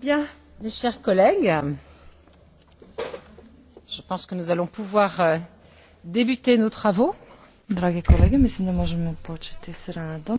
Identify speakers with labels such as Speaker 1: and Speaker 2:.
Speaker 1: Bien, mes chers collègues, je pense que nous allons pouvoir euh, débuter nos travaux. Dragi kolege, mislim da možemo početi
Speaker 2: s radom.